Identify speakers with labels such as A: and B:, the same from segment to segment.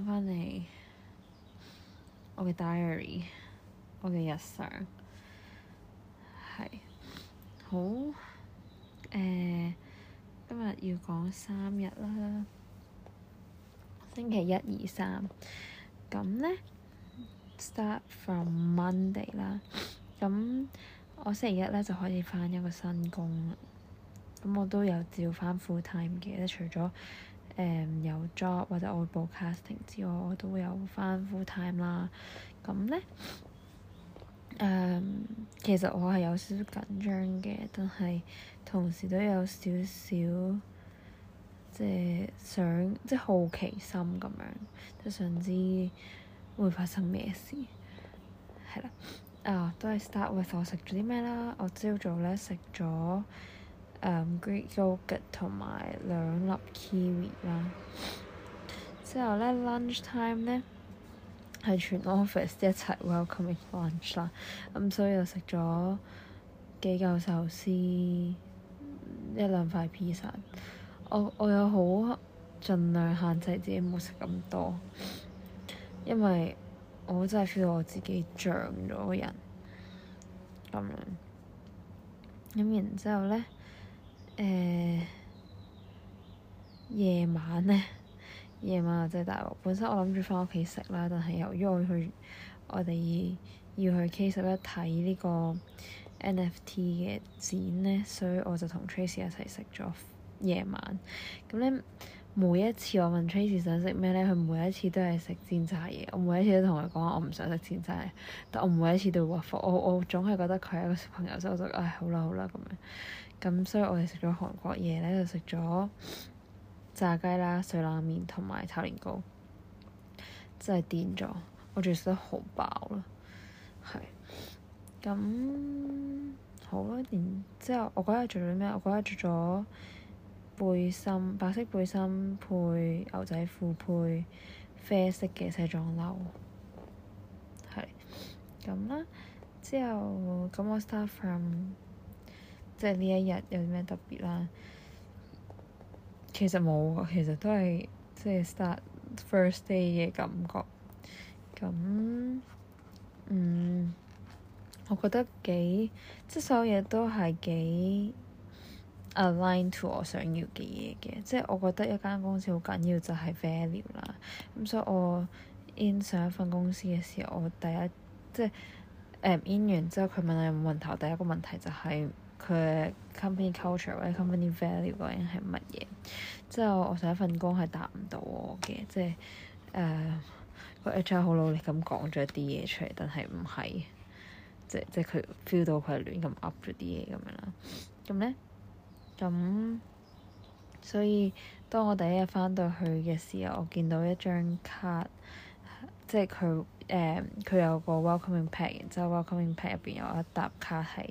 A: 翻返嚟，我嘅 diary，我嘅日常，係好誒、呃，今日要講三日啦，星期一、二、三，咁咧，Start from Monday 啦，咁我星期一咧就可以翻一個新工啦，咁我都有照翻 full time 嘅，除咗誒、um, 有 job 或者外部 casting 之外，我都會有返 fulltime 啦。咁咧，誒、um, 其實我係有少少緊張嘅，但係同時都有少少即係想即係好奇心咁樣，即係想知會發生咩事。係啦，啊、uh, 都係 start with 我食咗啲咩啦。我朝早咧食咗誒 Greek yogurt 同埋兩粒 kiwi 啦，之後咧 lunch time 咧係全 office 一齊 welcome lunch 啦，咁、嗯、所以我食咗幾嚿壽司，一兩塊披薩，我我有好盡量限制自己冇食咁多，因為我真係 feel 我自己脹咗個人咁樣，咁然之後咧～夜、uh，晚咧，夜 晚啊，即係大鑊。本身我諗住翻屋企食啦，但係由於我去我哋要去 K 十一睇呢個 NFT 嘅展咧，所以我就同 Tracey 一齊食咗夜晚。咁咧每一次我問 Tracey 想食咩咧，佢每一次都係食煎炸嘢。我每一次都同佢講我唔想食煎炸嘢，但我每一次都會屈服。我我總係覺得佢係個小朋友，所以我就誒、哎、好啦好啦咁樣。咁所以我哋食咗韓國嘢咧，就食咗炸雞啦、水冷麵同埋炒年糕，真係癲咗！我仲要食得好飽啦，係。咁好啦，然之後我嗰日着咗咩？我嗰日着咗背心，白色背心配牛仔褲配啡色嘅西裝褸，係咁啦。之後咁我 start from 即係呢一日有啲咩特別啦？其實冇啊，其實都係即係 start first day 嘅感覺。咁，嗯，我覺得幾即係所有嘢都係幾 align to 我想要嘅嘢嘅。即係我覺得一間公司好緊要就係、是、value 啦。咁、嗯、所以我 in 上一份公司嘅時候，我第一即係誒、嗯、in 完之後，佢問我有冇問題，我第一個問題就係、是。佢 company culture 或者 company value 究竟係乜嘢？之後我第一份工係答唔到我嘅，即係誒個 HR 好努力咁講咗啲嘢出嚟，但係唔係，即係即係佢 feel 到佢係亂咁噏咗啲嘢咁樣啦。咁咧咁，所以當我第一日翻到去嘅時候，我見到一張卡，即係佢誒佢有個 welcoming pack，然之後 welcoming pack 入邊有一沓卡係。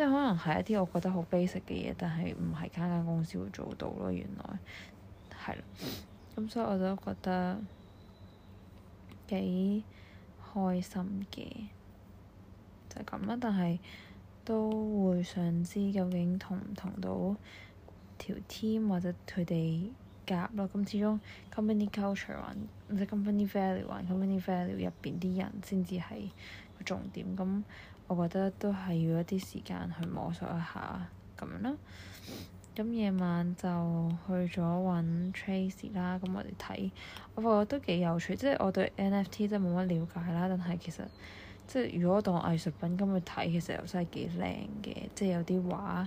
A: 即係可能係一啲我覺得好 basic 嘅嘢，但係唔係間間公司會做到咯。原來係咁，所以我都覺得幾開心嘅，就係咁啦。但係都會想知究竟同唔同到條 team 或者佢哋夾咯。咁始終 company culture 或者 company value 或者 company value 入邊啲人先至係個重點咁。我覺，我，我覺得都係要一啲時間去摸索一下咁樣啦。咁夜晚就去咗揾 Tracy 啦，咁我哋睇，我發覺都幾有趣。即係我對 NFT 真係冇乜了解啦，但係其實即係如果當藝術品咁去睇，其實又真係幾靚嘅。即係有啲畫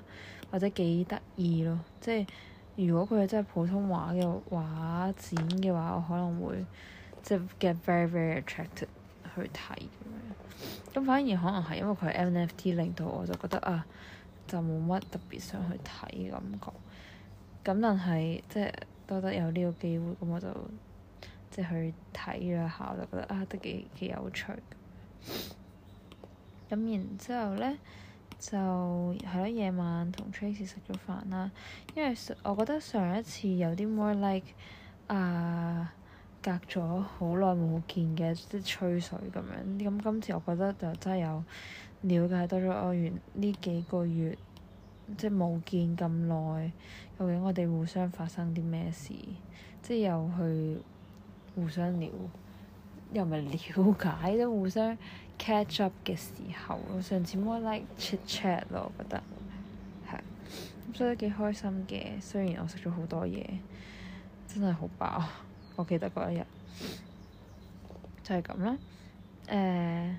A: 或者幾得意咯。即係如果佢哋真係普通畫嘅畫展嘅話，我可能會即係 get very very attracted 去睇。咁反而可能係因為佢係 NFT 令到我就覺得啊，就冇乜特別想去睇嘅感覺。咁但係即係多得有呢個機會，咁我就即係去睇咗下，我就覺得啊，都幾幾有趣。咁然之後咧，就係咯，夜晚同 Tracy 食咗飯啦，因為我覺得上一次有啲 more like 啊、uh,～隔咗好耐冇見嘅，即係吹水咁樣。咁今次我覺得就真係有了解多咗。我、哦、原呢幾個月即係冇見咁耐，究竟我哋互相發生啲咩事？即係又去互相了，又咪了解，都 互相 catch up 嘅時候。上次冇 like chit chat 咯，我覺得係咁，所以都幾開心嘅。雖然我食咗好多嘢，真係好飽。我記得嗰一日就係咁啦。誒、uh,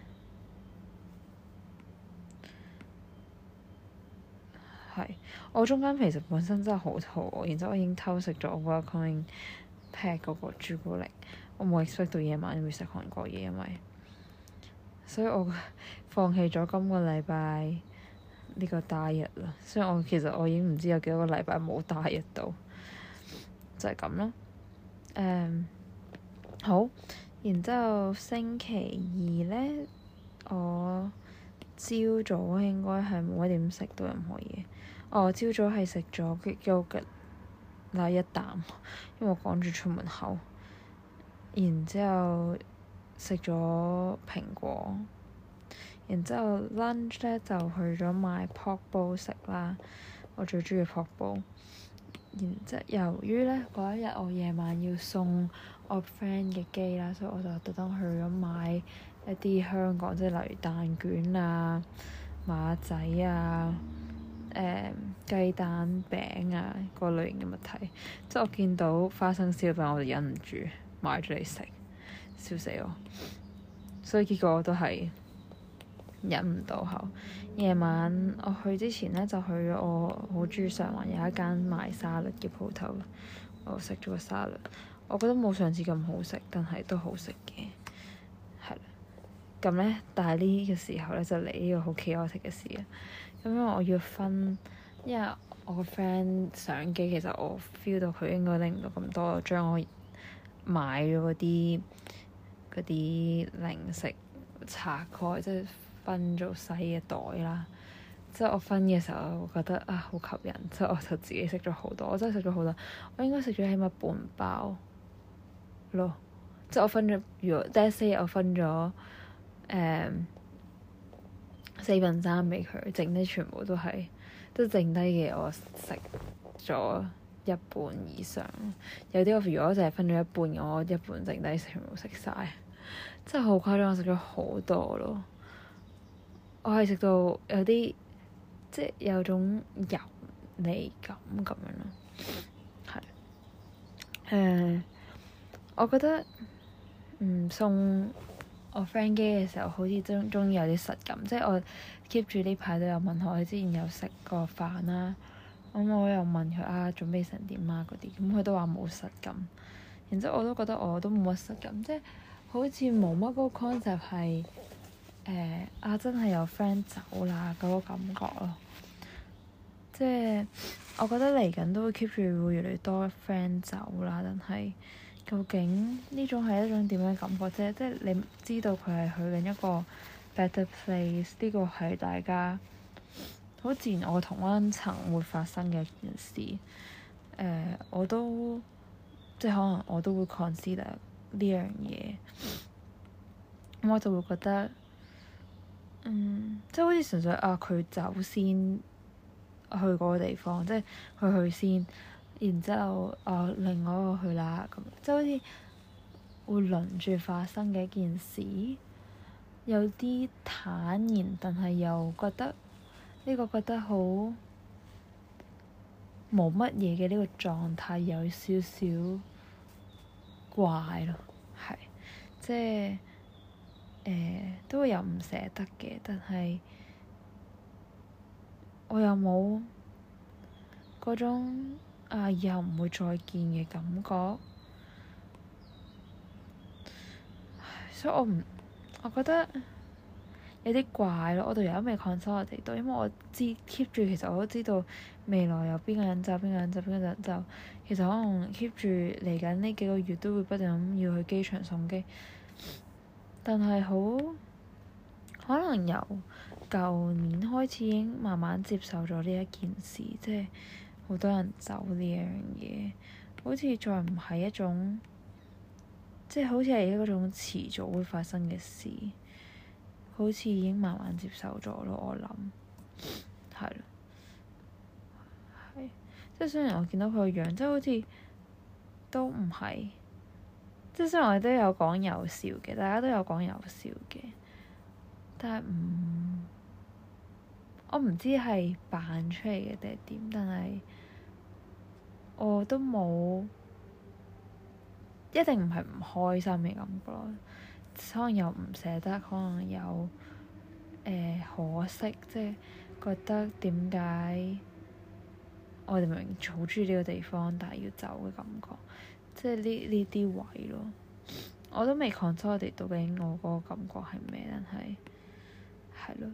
A: 係，我中間其實本身真係好肚餓，然之後我已經偷食咗 Ovaltine pack 嗰個朱古力。我冇 expect 到夜晚會食韓國嘢，因為所以我放棄咗今個禮拜呢個 diet 啦。所以我其實我已經唔知有幾多個禮拜冇 diet 到，就係咁囉。誒、um, 好，然之後星期二咧，我朝早應該係冇點食到任何嘢。我、哦、朝早係食咗 yogurt 一啖，因為我趕住出門口。然之後食咗蘋果，然之後 lunch 咧就去咗買 poke bowl 食啦。我最中意 poke bowl。然即係由於咧嗰一日我夜晚要送我 friend 嘅機啦，所以我就特登去咗買一啲香港，即係例如蛋卷啊、馬仔啊、誒、嗯、雞蛋餅啊嗰、那個、類型嘅物體。即係我見到花生燒餅我，我就忍唔住買咗嚟食，笑死我！所以結果我都係忍唔到口。夜晚我去之前咧，就去咗我好中意上環有一間賣沙律嘅鋪頭，我食咗個沙律，我覺得冇上次咁好食，但係都好食嘅，係啦。咁咧，但係呢個時候咧就嚟呢個好奇愛食嘅事，啦。咁因為我要分，因為我個 friend 相機其實我 feel 到佢應該拎唔到咁多，將我買咗嗰啲嗰啲零食拆開即係。分咗細嘅袋啦，即係我分嘅時候，我覺得啊好吸引，即係我就自己食咗好多。我真係食咗好多，我應該食咗起碼半包咯。即係我分咗如果，但係先我分咗誒四份三俾佢，剩低全部都係都剩低嘅，我食咗一半以上。有啲我如果淨係分咗一半，我一半剩低全部食晒。真係好誇張，我食咗好多咯～我係食到有啲，即係有種油膩感咁樣咯，係，誒，uh, 我覺得，唔送我 friend 機嘅時候，好似終終於有啲實感，即係我 keep 住呢排都有問佢，我之前有食過飯啦、啊，咁、嗯、我又問佢啊準備成點啊嗰啲，咁佢、嗯、都話冇實感，然之後我都覺得我都冇乜實感，即係好似冇乜嗰個 concept 係。誒、呃、啊！真係有 friend 走啦，嗰、那個感覺咯，即係我覺得嚟緊都會 keep 住會越嚟越多 friend 走啦。但係究竟呢種係一種點樣嘅感覺啫？即係你知道佢係去緊一個 better place，呢個係大家好自然，我同溫層會發生嘅一件事。誒、呃，我都即係可能我都會 consider 呢樣嘢，咁我就會覺得。嗯，即係好似純粹啊，佢走先去嗰個地方，即係佢去先，然之後啊，另外一個去啦，咁即係好似會輪住發生嘅一件事，有啲坦然，但係又覺得呢個覺得好冇乜嘢嘅呢個狀態，有少少怪咯，係即係。誒、呃、都會有唔捨得嘅，但係我又冇嗰種啊以後唔會再見嘅感覺唉，所以我唔我覺得有啲怪咯。我到而家都未 concern 我哋多，因為我知 keep 住其實我都知道未來有邊個人走，邊個人走，邊個人走。其實可能 keep 住嚟緊呢幾個月都會不定咁要去機場送機。但係好，可能由舊年開始已經慢慢接受咗呢一件事，即係好多人走呢樣嘢，好似再唔係一種，即係好似係一種遲早會發生嘅事，好似已經慢慢接受咗咯，我諗係咯，係即係雖然我見到佢個樣，即係好似都唔係。即係雖然我哋都有講有笑嘅，大家都有講有笑嘅，但係唔，我唔知係扮出嚟嘅定係點，但係我都冇一定唔係唔開心嘅感覺，可能又唔捨得，可能有誒、呃、可惜，即係覺得點解我哋明明好鍾意呢個地方，但係要走嘅感覺。即係呢呢啲位咯，我都未 control 我哋，究竟我嗰個感覺係咩？但係係咯，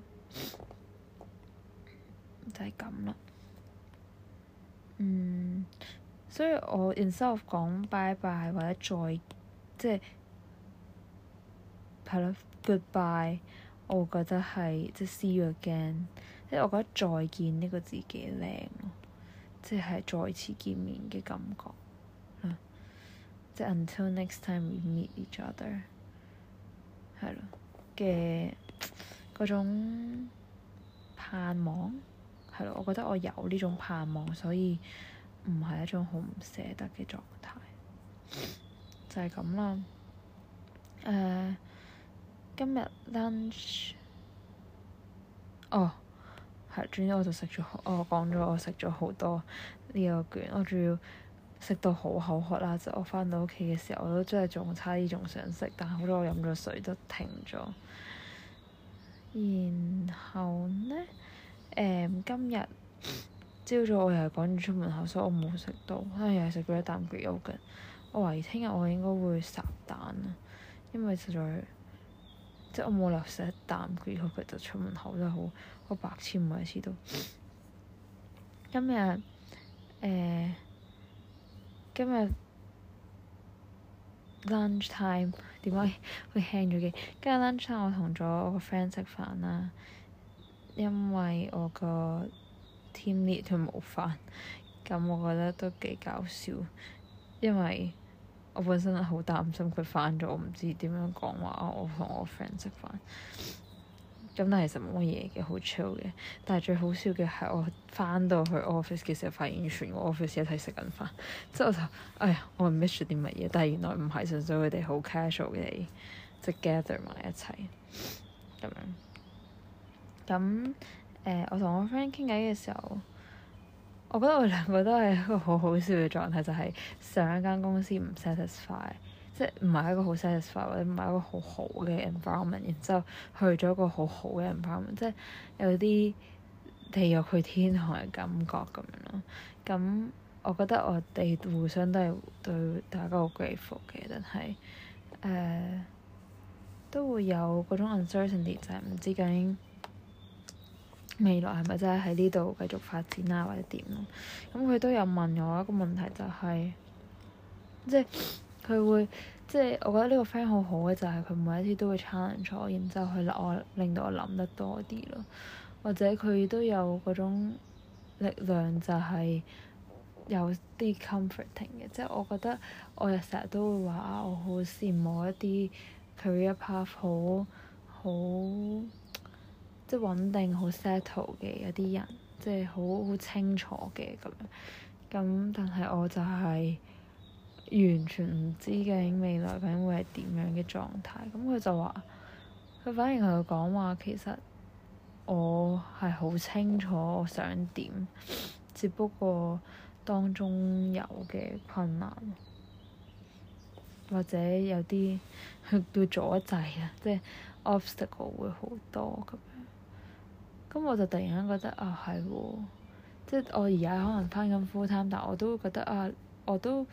A: 就係咁啦。嗯，所以我然之後講拜拜或者再，即係係咯 goodbye，我覺得係即係 see you again，即係我覺得再見呢個字幾靚咯，即係再次見面嘅感覺。Until next time we meet each other，係咯嘅嗰種盼望，係咯，我覺得我有呢種盼望，所以唔係一種好唔捨得嘅狀態，就係、是、咁啦。誒、呃，今日 lunch，哦，係，總之我就食咗、哦，我講咗我食咗好多呢個卷，我仲要。食到好口渴啦！就我返到屋企嘅時候，我都真係仲差啲仲想食，但係好在我飲咗水都停咗。然後呢？誒，今日朝早我又係趕住出門口，所以我冇食到。可能又係食咗一啖焗油嘅。我懷疑聽日我應該會烚蛋啦，因為實在，即係我冇理由食一啖焗油，佢就出門口真係好好白痴，唔係黐到。今日誒～今日 lunch time 點解會輕咗嘅？今日 lunch time 我同咗我個 friend 食飯啦，因為我個 team lead 佢冇翻，咁我覺得都幾搞笑，因為我本身好擔心佢翻咗，我唔知點樣講話。我同我個 friend 食飯。咁但係其實冇乜嘢嘅，好 chill 嘅。但係最好笑嘅係，我翻到去 office 嘅時候，發現全個 office 一齊食緊飯。之後我就，哎呀，我 miss 咗啲乜嘢？但係原來唔係，純粹佢哋好 casual 嘅，即係 gather 埋一齊咁樣。咁誒、呃，我同我 friend 傾偈嘅時候，我覺得我兩個都係一個好好笑嘅狀態，就係、是、上一間公司唔 satisfy。即係唔係一個好 satisfy 或者唔係一個好好嘅 environment，然之後去咗一個好好嘅 environment，即係有啲地獄去天堂嘅感覺咁樣咯。咁我覺得我哋互相都係對大家好 grateful 嘅，但係誒、呃、都會有嗰種 uncertainty，就係唔知究竟未來係咪真係喺呢度繼續發展啊，或者點咯？咁佢都有問我一個問題，就係、是、即係。佢會即係我覺得呢個 friend 好好嘅就係、是、佢每一件都會 challenge 我，然之後佢令我令到我諗得多啲咯，或者佢都有嗰種力量就係、是、有啲 comforting 嘅，即係我覺得我成日都會話我好羨慕一啲 career path 好好即係穩定好 settle 嘅一啲人，即係好好清楚嘅咁樣，咁但係我就係、是。完全唔知嘅未來，佢會係點樣嘅狀態？咁佢就話：佢反而喺度講話，其實我係好清楚我想點，只不過當中有嘅困難，或者有啲叫阻滯啊，即係 obstacle 會好多咁樣。咁我就突然間覺得啊，係喎、哦！即係我而家可能翻緊 full time，但我都會覺得啊，我都～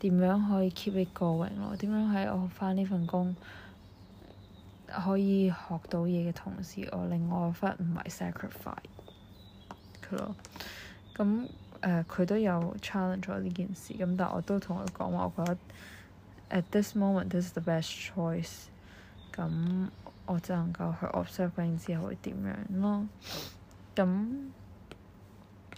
A: 點樣可以 keep it going 咯？點樣喺我返呢份工可以學到嘢嘅同時，我令我一忽唔係 sacrifice 佢咯。咁誒，佢、呃、都有 challenge 咗呢件事，咁但我都同佢講話，我覺得 at this moment is the best choice。咁我就能夠去 observing 之後會點樣咯。咁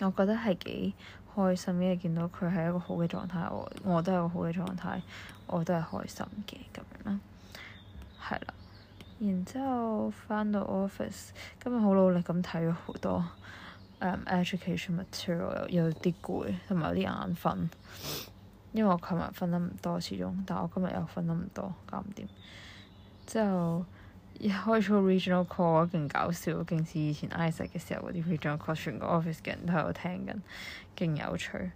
A: 我覺得係幾開心，因為見到佢係一個好嘅狀態，我我都係好嘅狀態，我都係開心嘅。咁樣啦，係啦。然之後翻到 office，今日好努力咁睇咗好多、um, education material，有啲攰，同埋有啲眼瞓，因為我琴日瞓得唔多，始終，但我今日又瞓得唔多，搞唔掂。之後。一開咗 regional call 勁搞笑，勁似以前 Isaac 嘅時候嗰啲 regional call，全個 office 嘅人都喺度聽緊，勁有趣。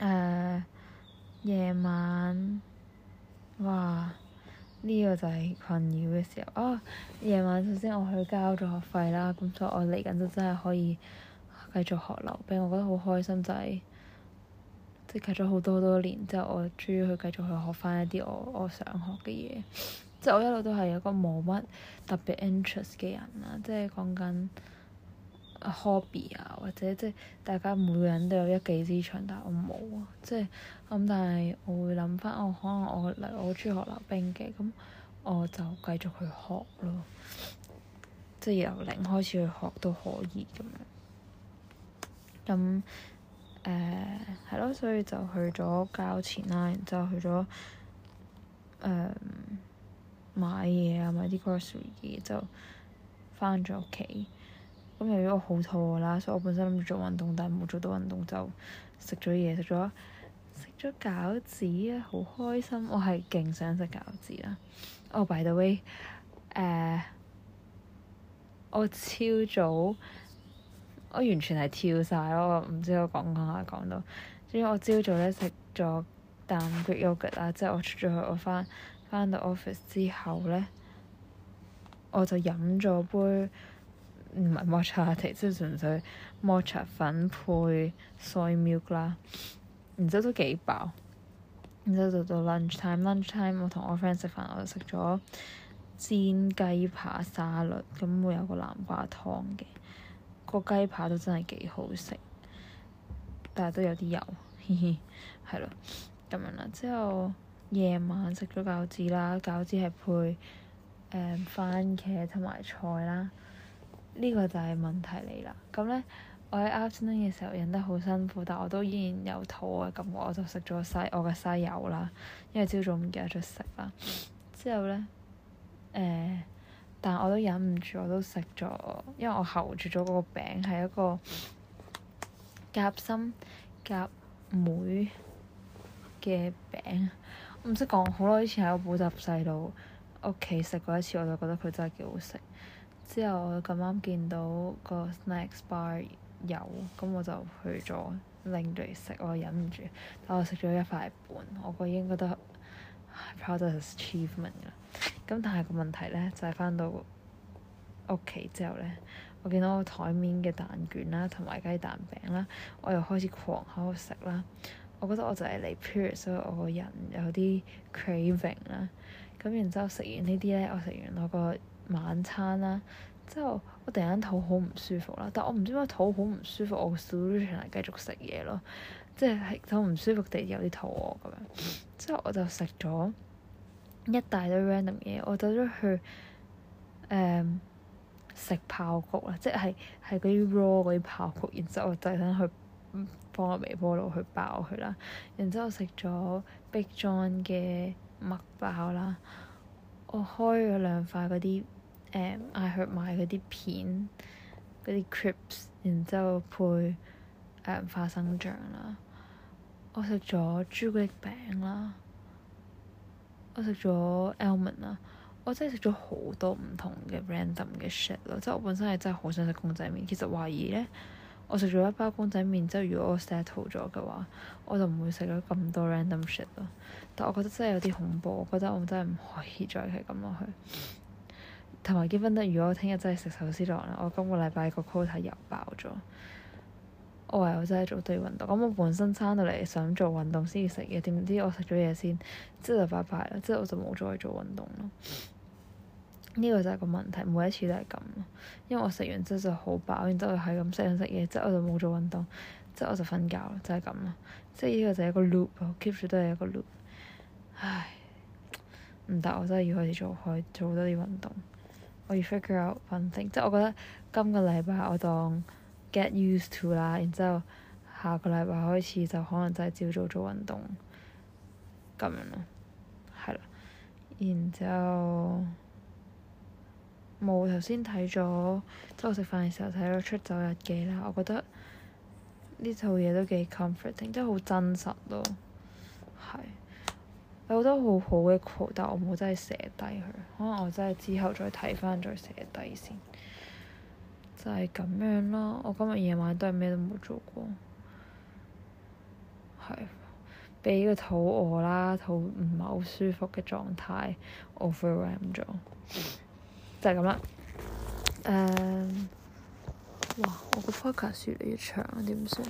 A: 誒，夜晚，哇！呢、這個就係困擾嘅時候。哦、啊，夜晚首先我去交咗學費啦，咁所以我嚟緊就真係可以繼續學溜冰，我覺得好開心就係即係隔咗好多好多年，之、就、後、是、我終於去繼續去學翻一啲我我想學嘅嘢。即係我一路都係一個冇乜特別 interest 嘅人啦，即係講緊 hobby 啊，或者即係大家每個人都有一技之長，但係我冇啊，即係咁、嗯，但係我會諗翻，哦，可能我嚟我鍾意學溜冰嘅，咁我就繼續去學咯，即係由零開始去學都可以咁樣。咁誒係咯，所以就去咗交錢啦，然之後去咗誒。嗯買嘢啊，買啲 grocery 嘢就翻咗屋企。咁由於我好肚餓啦，所以我本身諗住做運動，但係冇做到運動就食咗嘢，食咗食咗餃子啊，好開心！我係勁想食餃子啦，啊。哦，by the way，誒，我朝早我完全係跳晒咯，我唔知我講講下講到。因為我朝早咧食咗啖 Greek yoghurt 啦，即係我出咗去我翻。翻到 office 之後咧，我就飲咗杯唔係抹茶提，即係純粹抹茶粉配 soy milk 啦。然之後都幾飽，然之後到到 lunch time，lunch time 我同我 friend 食飯，我就食咗煎雞扒沙律，咁會有個南瓜湯嘅。個雞扒都真係幾好食，但係都有啲油，嘻 嘻，係咯，咁樣啦。之後。夜晚食咗餃子啦，餃子係配誒、嗯、番茄同埋菜啦。呢、這個就係問題嚟啦。咁咧，我喺 afternoon 嘅時候忍得好辛苦，但我都依然有肚嘅感覺，我就食咗西我嘅西柚啦。因為朝早唔記得咗食飯，之後咧誒、嗯，但我都忍唔住，我都食咗，因為我喉住咗嗰個餅係一個夾心夾梅嘅餅。唔識講，好耐以前喺我補習細路屋企食過一次，我就覺得佢真係幾好食。之後咁啱見到個 snack bar 有，咁我就去咗拎嚟食，我忍唔住，但我食咗一塊半，我覺得應該得。Proud of achievement 啦！咁但係個問題咧，就係翻到屋企之後咧，我見到個台面嘅蛋卷啦，同埋雞蛋餅啦，我又開始狂喺度食啦。我覺得我就係嚟 period 所以我個人有啲 craving 啦。咁然之後食完呢啲咧，我食完我個晚餐啦，之後我突然間肚好唔舒服啦。但我唔知點解肚好唔舒服，我 solution 係繼續食嘢咯，即係肚唔舒服地有啲肚餓咁樣。 之後我就食咗一大堆 random 嘢，我走咗去誒、呃、食爆谷啦，即係係嗰啲 raw 嗰啲爆谷。然之後我突然間去。幫個微波爐去爆佢啦，然之後食咗 Big John 嘅麥包啦，我開咗兩塊嗰啲誒，I heard 買嗰啲片嗰啲 Crisps，然之後配誒、嗯、花生醬啦，我食咗朱古力餅啦，我食咗 Almond 啦，我真係食咗好多唔同嘅 random 嘅 shit 咯，即係我本身係真係好想食公仔麪，其實懷疑咧。我食咗一包公仔麵，之後如果我 settle 咗嘅話，我就唔會食咗咁多 random shit 咯。但我覺得真係有啲恐怖，我覺得我真係唔可以再係咁落去。同埋結婚得，如果我聽日真係食壽司郎啦，我今個禮拜個 quota 又爆咗，我話我真係做對運動。咁我本身餐到嚟想做運動知知先至食嘢，點知我食咗嘢先，之後就拜拜啦。之後我就冇再去做運動咯。呢個就係個問題，每一次都係咁。因為我食完之後就好飽，然之後係咁食緊食嘢，之後我就冇做運動，之後我就瞓覺，就係咁啦。即係呢個就係一個 loop 咯，keep 住都係一個 loop。唉，唔得，我真係要開始做開，做多啲運動。我要 figure out one thing，即係我覺得今個禮拜我當 get used to 啦，然之後下個禮拜開始就可能就係朝早做運動咁樣咯，係啦，然之後。冇頭先睇咗，即我食飯嘅時候睇咗《出走日記》啦。我覺得呢套嘢都幾 comforting，即係好真實咯。係，有好多好好嘅 quote，但我冇真係寫低佢。可能我真係之後再睇翻再寫低先。就係咁樣咯。我今日夜晚都係咩都冇做過。係，畀個肚餓啦，肚唔係好舒服嘅狀態 overwhelm 咗。Over 就係咁啦。誒，哇！我個 podcast 越嚟越長啊，點算？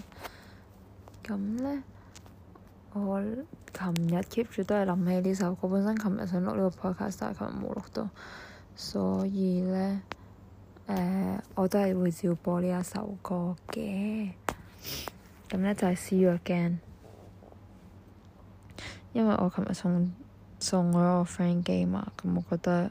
A: 咁咧，我琴日 keep 住都係諗起呢首歌。本身琴日想錄呢個 podcast，但係琴日冇錄到，所以咧，誒、uh，我都係會照播呢一首歌嘅。咁咧就係、是 See You Again，因為我琴日送送咗我 friend 機嘛，咁我覺得。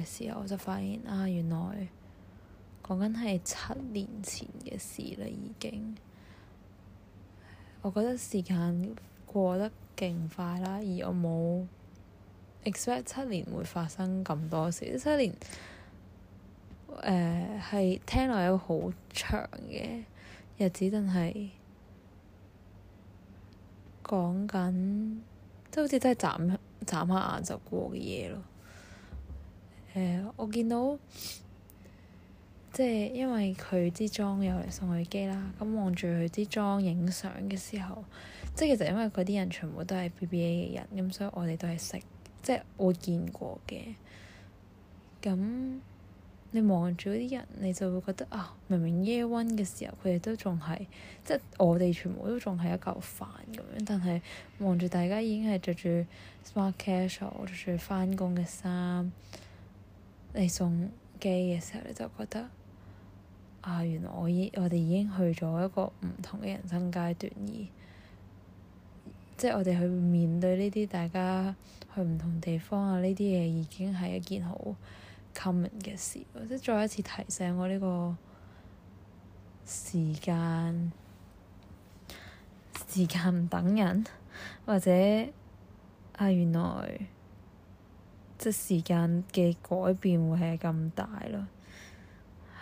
A: 嘅時候我就發現啊，原來講緊係七年前嘅事啦，已經。我覺得時間過得勁快啦，而我冇 expect 七年會發生咁多事。七年誒係聽落有好長嘅日子，但係講緊即係好似真係眨眨下眼就過嘅嘢咯。誒、呃，我見到即係因為佢啲裝有嚟送去機啦。咁望住佢啲裝影相嘅時候，即係其實因為佢啲人全部都係 BBA 嘅人，咁所以我哋都係識，即係我見過嘅。咁你望住嗰啲人，你就會覺得啊，明明 Year One 嘅時候，佢哋都仲係即係我哋全部都仲係一嚿飯咁樣，但係望住大家已經係着住 smart casual，着住翻工嘅衫。你送機嘅時候，你就覺得啊，原來我已我哋已經去咗一個唔同嘅人生階段而，即係我哋去面對呢啲大家去唔同地方啊呢啲嘢，已經係一件好 common 嘅事，即係再一次提醒我呢個時間時間唔等人，或者啊原來。即時間嘅改變會係咁大咯，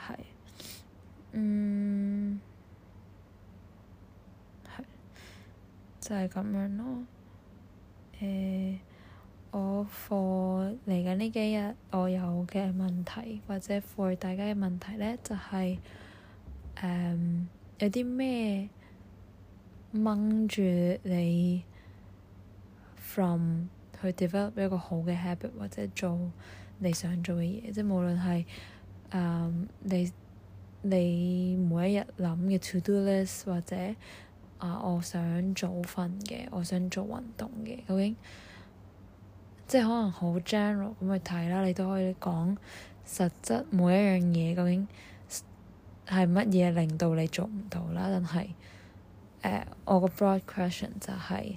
A: 係，嗯，係，就係咁樣咯，誒，我課嚟緊呢幾日我有嘅問題或者課外大家嘅問題咧就係，誒，有啲咩掹住你？from 去 develop 一個好嘅 habit 或者做你想做嘅嘢，即係無論係誒、um, 你你每一日諗嘅 to do list 或者啊，uh, 我想早瞓嘅，我想做運動嘅，究竟即係可能好 general 咁去睇啦，你都可以講實質每一樣嘢究竟係乜嘢令到你做唔到啦？但係誒，uh, 我個 broad question 就係，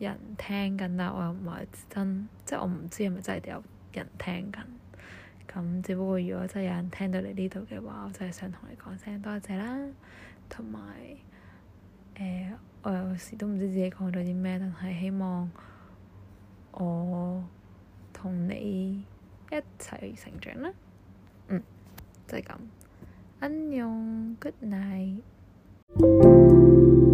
A: 人聽緊，但我又唔係真，即係我唔知係咪真係有人聽緊。咁只不過如果真係有人聽到你呢度嘅話，我就係想同你講聲多謝啦，同埋誒我有時都唔知自己講咗啲咩，但係希望我同你一齊成長啦。嗯，就係咁。Good night.